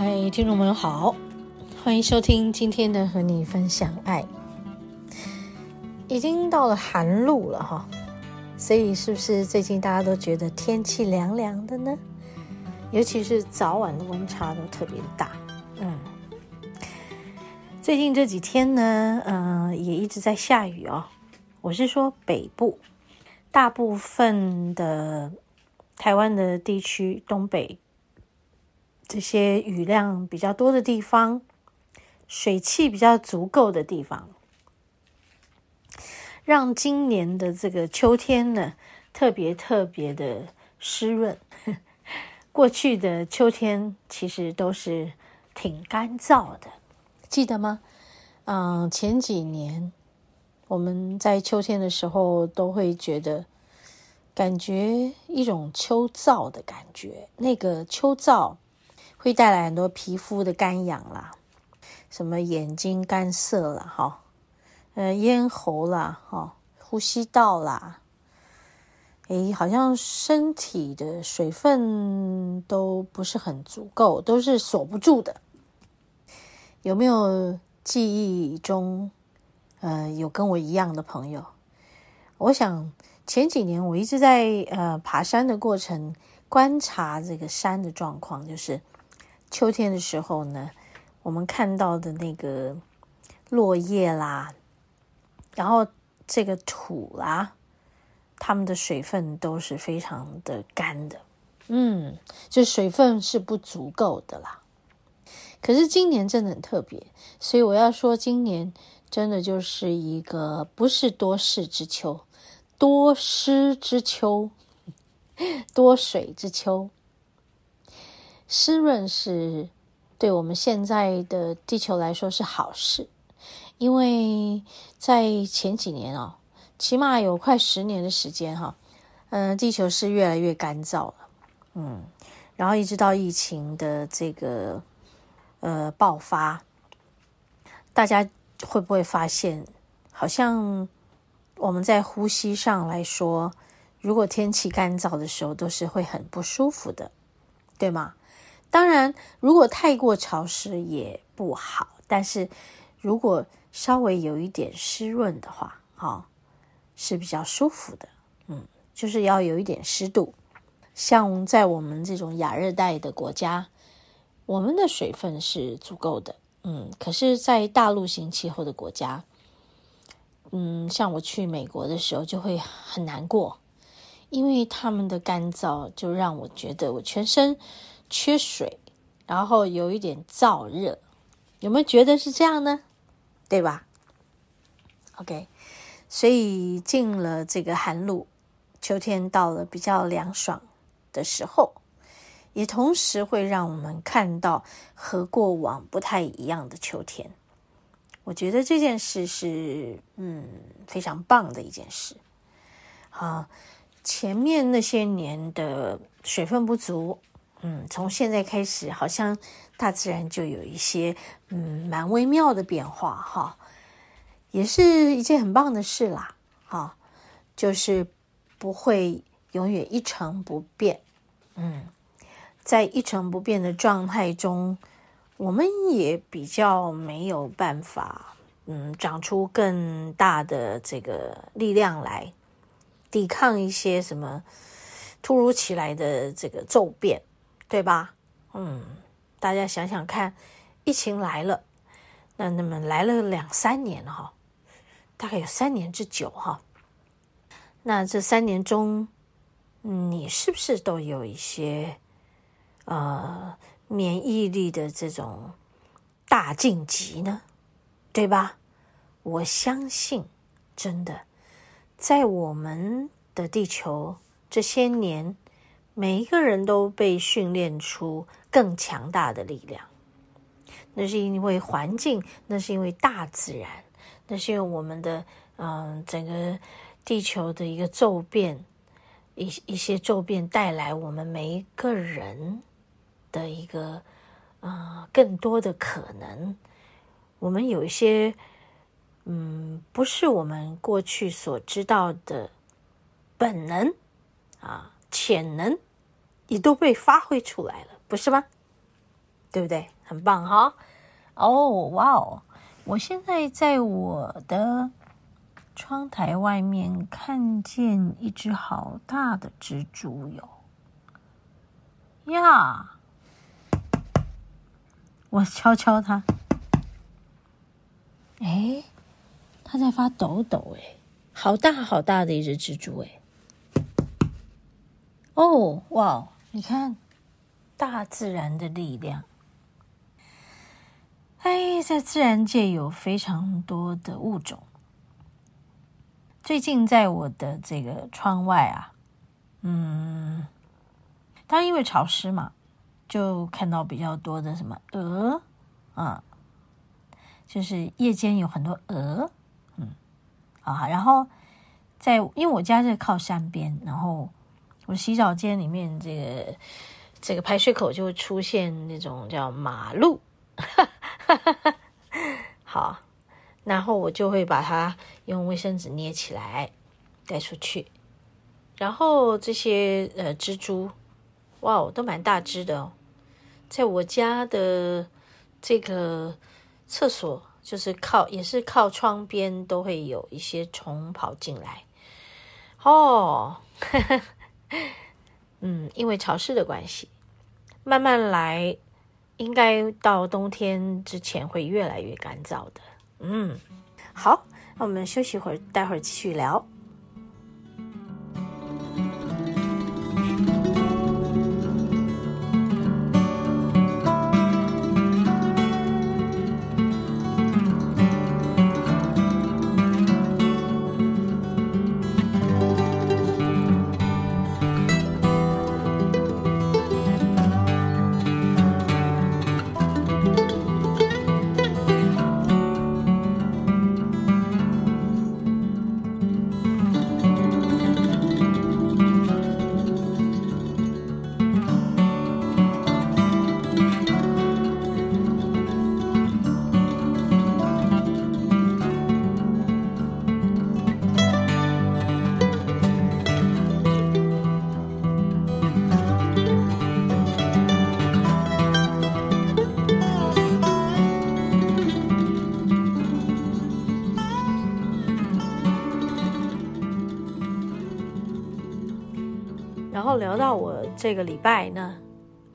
嗨，聽眾朋友好，歡迎收聽今天的和你分享愛。愛已經到了寒露了哈、哦，所以是不是最近大家都覺得天氣涼涼的呢？尤其是早晚的溫差都特別大。嗯，最近這幾天呢，嗯、呃，也一直在下雨哦。我是說北部，大部分的台灣的地區，東北。這些雨量比較多的地方，水汽比較足夠的地方，讓今年的這個秋天呢，特別特別的濕潤。 過去的秋天其實都是挺乾燥的，記得嗎？嗯，前幾年我們在秋天的時候都會覺得，感覺一種秋燥的感覺，那個秋燥。會帶來很多皮膚的乾癢啦，什麼眼睛乾澀啦哈、哦，呃，咽喉啦，哈、哦，呼吸道啦，哎，好像身體的水分都不是很足夠，都是鎖不住的。有沒有記憶中，呃，有跟我一樣的朋友？我想前幾年我一直在呃爬山的過程，觀察這個山的狀況，就是。秋天的時候呢，我們看到的那個落葉啦，然後這個土啦，它們的水分都是非常的乾的，嗯，就水分是不足夠的啦。可是今年真的很特別，所以我要說，今年真的就是一個不是多事之秋，多濕之秋，多水之秋。濕潤是對我們現在的地球來說是好事，因為在前幾年哦，起碼有快十年的時間哈、哦，嗯、呃，地球是越來越乾燥了，嗯，然後一直到疫情的這個呃爆發，大家會不會發現，好像我們在呼吸上來說，如果天氣乾燥的時候，都是會很不舒服的，對嗎？當然，如果太過潮濕也不好，但是如果稍微有一點濕潤的話，哈、哦，是比較舒服的。嗯，就是要有一點濕度。像在我們這種亞熱帶的國家，我們的水分是足夠的。嗯，可是，在大陸型氣候的國家，嗯，像我去美國的時候就會很難過，因為他們的乾燥就讓我覺得我全身。缺水，然後有一點燥熱，有沒有覺得是這樣呢？對吧？OK，所以進了這個寒露，秋天到了比較涼爽的時候，也同時會讓我們看到和過往不太一樣的秋天。我覺得這件事是嗯非常棒的一件事。啊，前面那些年的水分不足。嗯，從現在開始，好像大自然就有一些嗯蠻微妙的變化哈，也是一件很棒的事啦哈，就是不會永遠一成不變，嗯，在一成不變的狀態中，我們也比較沒有辦法嗯長出更大的這個力量來抵抗一些什麼突如其來的這個驟變。對吧？嗯，大家想想看，疫情來了，那那麼來了兩三年了、哦、哈，大概有三年之久哈、哦。那這三年中，你是不是都有一些呃免疫力的這種大晉級呢？對吧？我相信，真的，在我們的地球這些年。每一個人都被訓練出更強大的力量，那是因為環境，那是因為大自然，那是因為我們的嗯、呃、整個地球的一個驟變，一一些驟變帶來我們每一個人的一個啊、呃、更多的可能。我們有一些嗯不是我們過去所知道的本能啊潛能。你都被發揮出來了，不是嗎？對不對？很棒哈！哦，哇哦！我現在在我的窗台外面看見一隻好大的蜘蛛喲！呀，Yeah，我敲敲它。哎，它在發抖抖誒，好大好大的一隻蜘蛛誒。哦，哇哦！你看，大自然的力量。哎，在自然界有非常多的物種。最近在我的這個窗外啊，嗯，當然因為潮濕嘛，就看到比較多的什麼蛾啊，就是夜間有很多蛾，嗯啊，然後在因為我家是靠山邊，然後。我洗澡間裡面，這個這個排水口就會出現那種叫馬路，哈哈哈，好，然後我就會把它用衛生紙捏起來帶出去。然後這些呃蜘蛛，哇哦，都蠻大只的哦。在我家的這個廁所，就是靠也是靠窗邊，都會有一些蟲跑進來哦。 嗯，因為潮濕的關係，慢慢來，應該到冬天之前會越來越乾燥的。嗯，好，那我們休息一會兒，待會兒繼續聊。這個禮拜呢，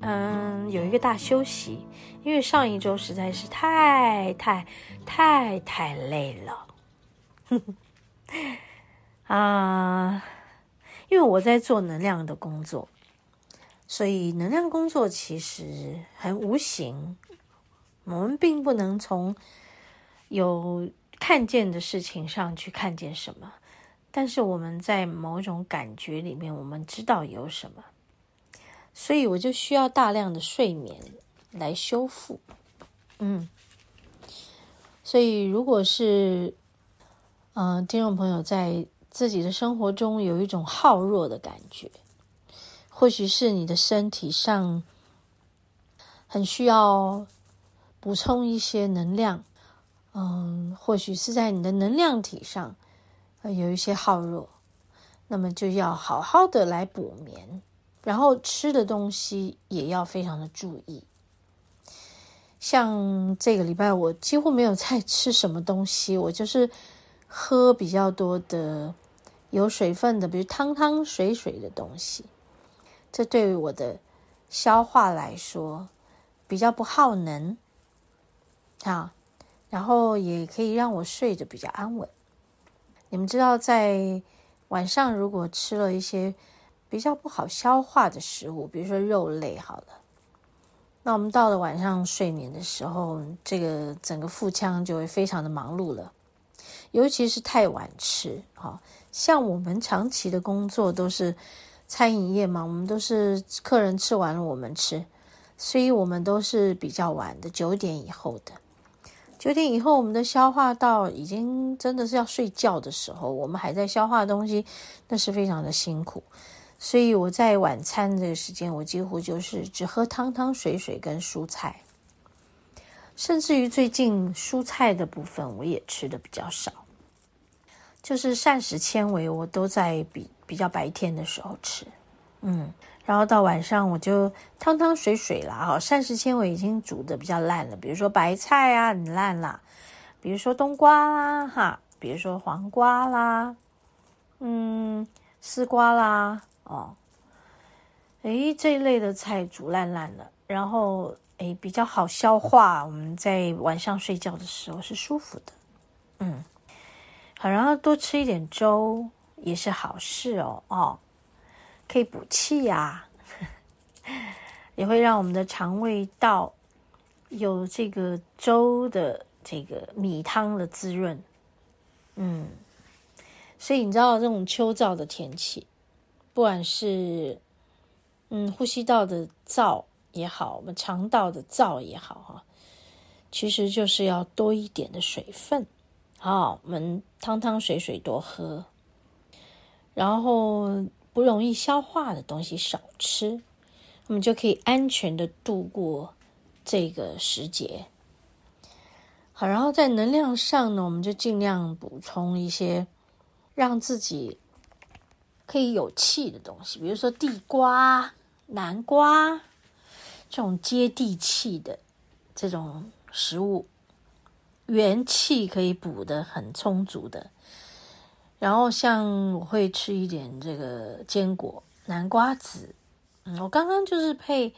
嗯，有一個大休息，因為上一周實在是太太太太累了。 啊，因為我在做能量的工作，所以能量工作其實很無形，我們並不能從有看見的事情上去看見什麼，但是我們在某種感覺裡面，我們知道有什麼。所以我就需要大量的睡眠來修復，嗯。所以，如果是，嗯、呃，聽眾朋友在自己的生活中有一種耗弱的感覺，或許是你的身體上很需要補充一些能量，嗯、呃，或許是在你的能量體上有一些耗弱，那麼就要好好的來補眠。然後吃的東西也要非常的注意，像這個禮拜我幾乎沒有在吃什麼東西，我就是喝比較多的有水分的，比如湯湯水水的東西，這對於我的消化來說比較不耗能啊，然後也可以讓我睡得比較安穩。你們知道，在晚上如果吃了一些。比較不好消化的食物，比如說肉類，好了。那我們到了晚上睡眠的時候，這個整個腹腔就會非常的忙碌了。尤其是太晚吃，好、哦、像我們長期的工作都是餐飲業嘛，我們都是客人吃完了我們吃，所以我們都是比較晚的，九點以後的。九點以後，我們的消化道已經真的是要睡覺的時候，我們還在消化東西，那是非常的辛苦。所以我在晚餐這個時間，我幾乎就是只喝湯湯水水跟蔬菜，甚至於最近蔬菜的部分我也吃得比較少，就是膳食纖維我都在比比較白天的時候吃，嗯，然後到晚上我就湯湯水水啦哈，膳食纖維已經煮得比較爛了，比如說白菜啊，很爛啦；比如說冬瓜啦哈，比如說黃瓜啦，嗯，絲瓜啦。哦，誒，這一類的菜煮爛爛的，然後誒比較好消化，我們在晚上睡覺的時候是舒服的。嗯，好，然後多吃一點粥也是好事哦，哦，可以補氣呀、啊，也會讓我們的腸胃道有這個粥的這個米湯的滋潤。嗯，所以你知道這種秋燥的天氣。不管是嗯呼吸道的燥也好，我們腸道的燥也好，哈，其實就是要多一點的水分，好，我們湯湯水水多喝，然後不容易消化的東西少吃，我們就可以安全的度過這個時節。好，然後在能量上呢，我們就盡量補充一些，讓自己。可以有氣的東西，比如說地瓜、南瓜這種接地氣的這種食物，元氣可以補得很充足的。然後像我會吃一點這個堅果、南瓜籽。嗯，我剛剛就是配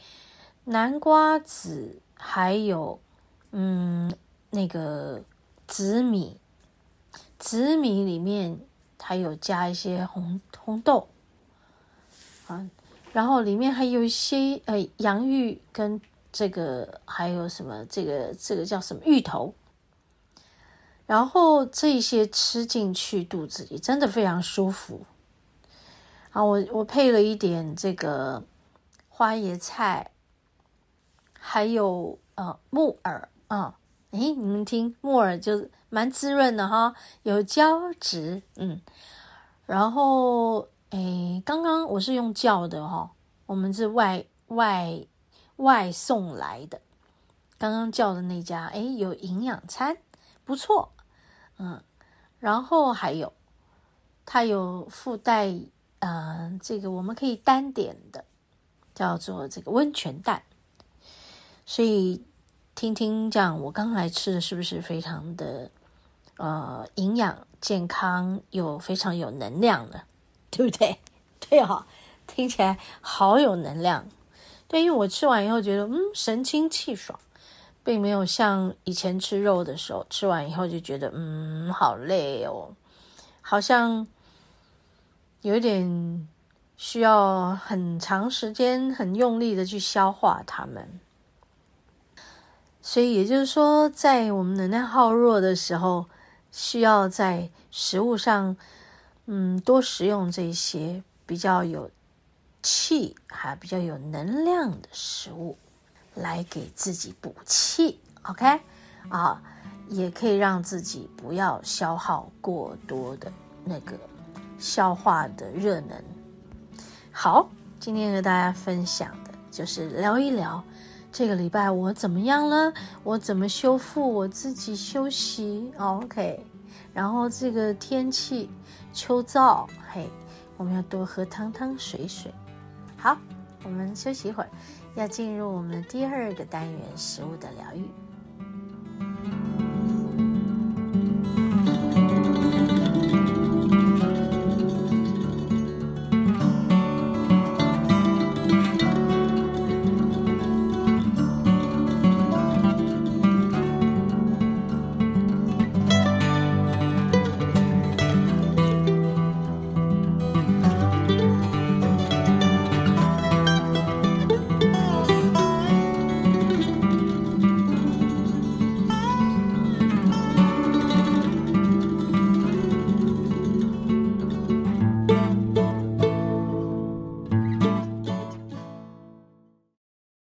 南瓜籽，還有嗯那個紫米，紫米裡面。還有加一些紅紅豆，啊，然後裡面還有一些呃洋芋，跟這個還有什麼這個這個叫什麼芋頭，然後這一些吃進去肚子裡真的非常舒服。啊，我我配了一點這個花椰菜，還有呃木耳啊。哎，你們聽木耳就蠻滋潤的哈，有膠質，嗯，然後哎，剛剛我是用叫的哈，我們是外外外送來的，剛剛叫的那家哎有營養餐不錯，嗯，然後還有它有附帶，嗯、呃，這個我們可以單點的，叫做這個溫泉蛋，所以。聽聽講，這樣我剛才吃的是不是非常的，呃，營養、健康又非常有能量的，對不對？對哦，聽起來好有能量。對，因為我吃完以後覺得，嗯，神清氣爽，並沒有像以前吃肉的時候，吃完以後就覺得，嗯，好累哦，好像有點需要很長時間、很用力的去消化它們。所以也就是說，在我們能量耗弱的時候，需要在食物上，嗯，多食用這些比較有氣，還比較有能量的食物，來給自己補氣。OK，啊，也可以讓自己不要消耗過多的那個消化的熱能。好，今天和大家分享的就是聊一聊。這個禮拜我怎麼樣呢？我怎麼修復我自己？休息，OK。然後這個天氣秋燥，嘿，我們要多喝湯湯水水。好，我們休息一會兒，要進入我們第二個單元——食物的療癒。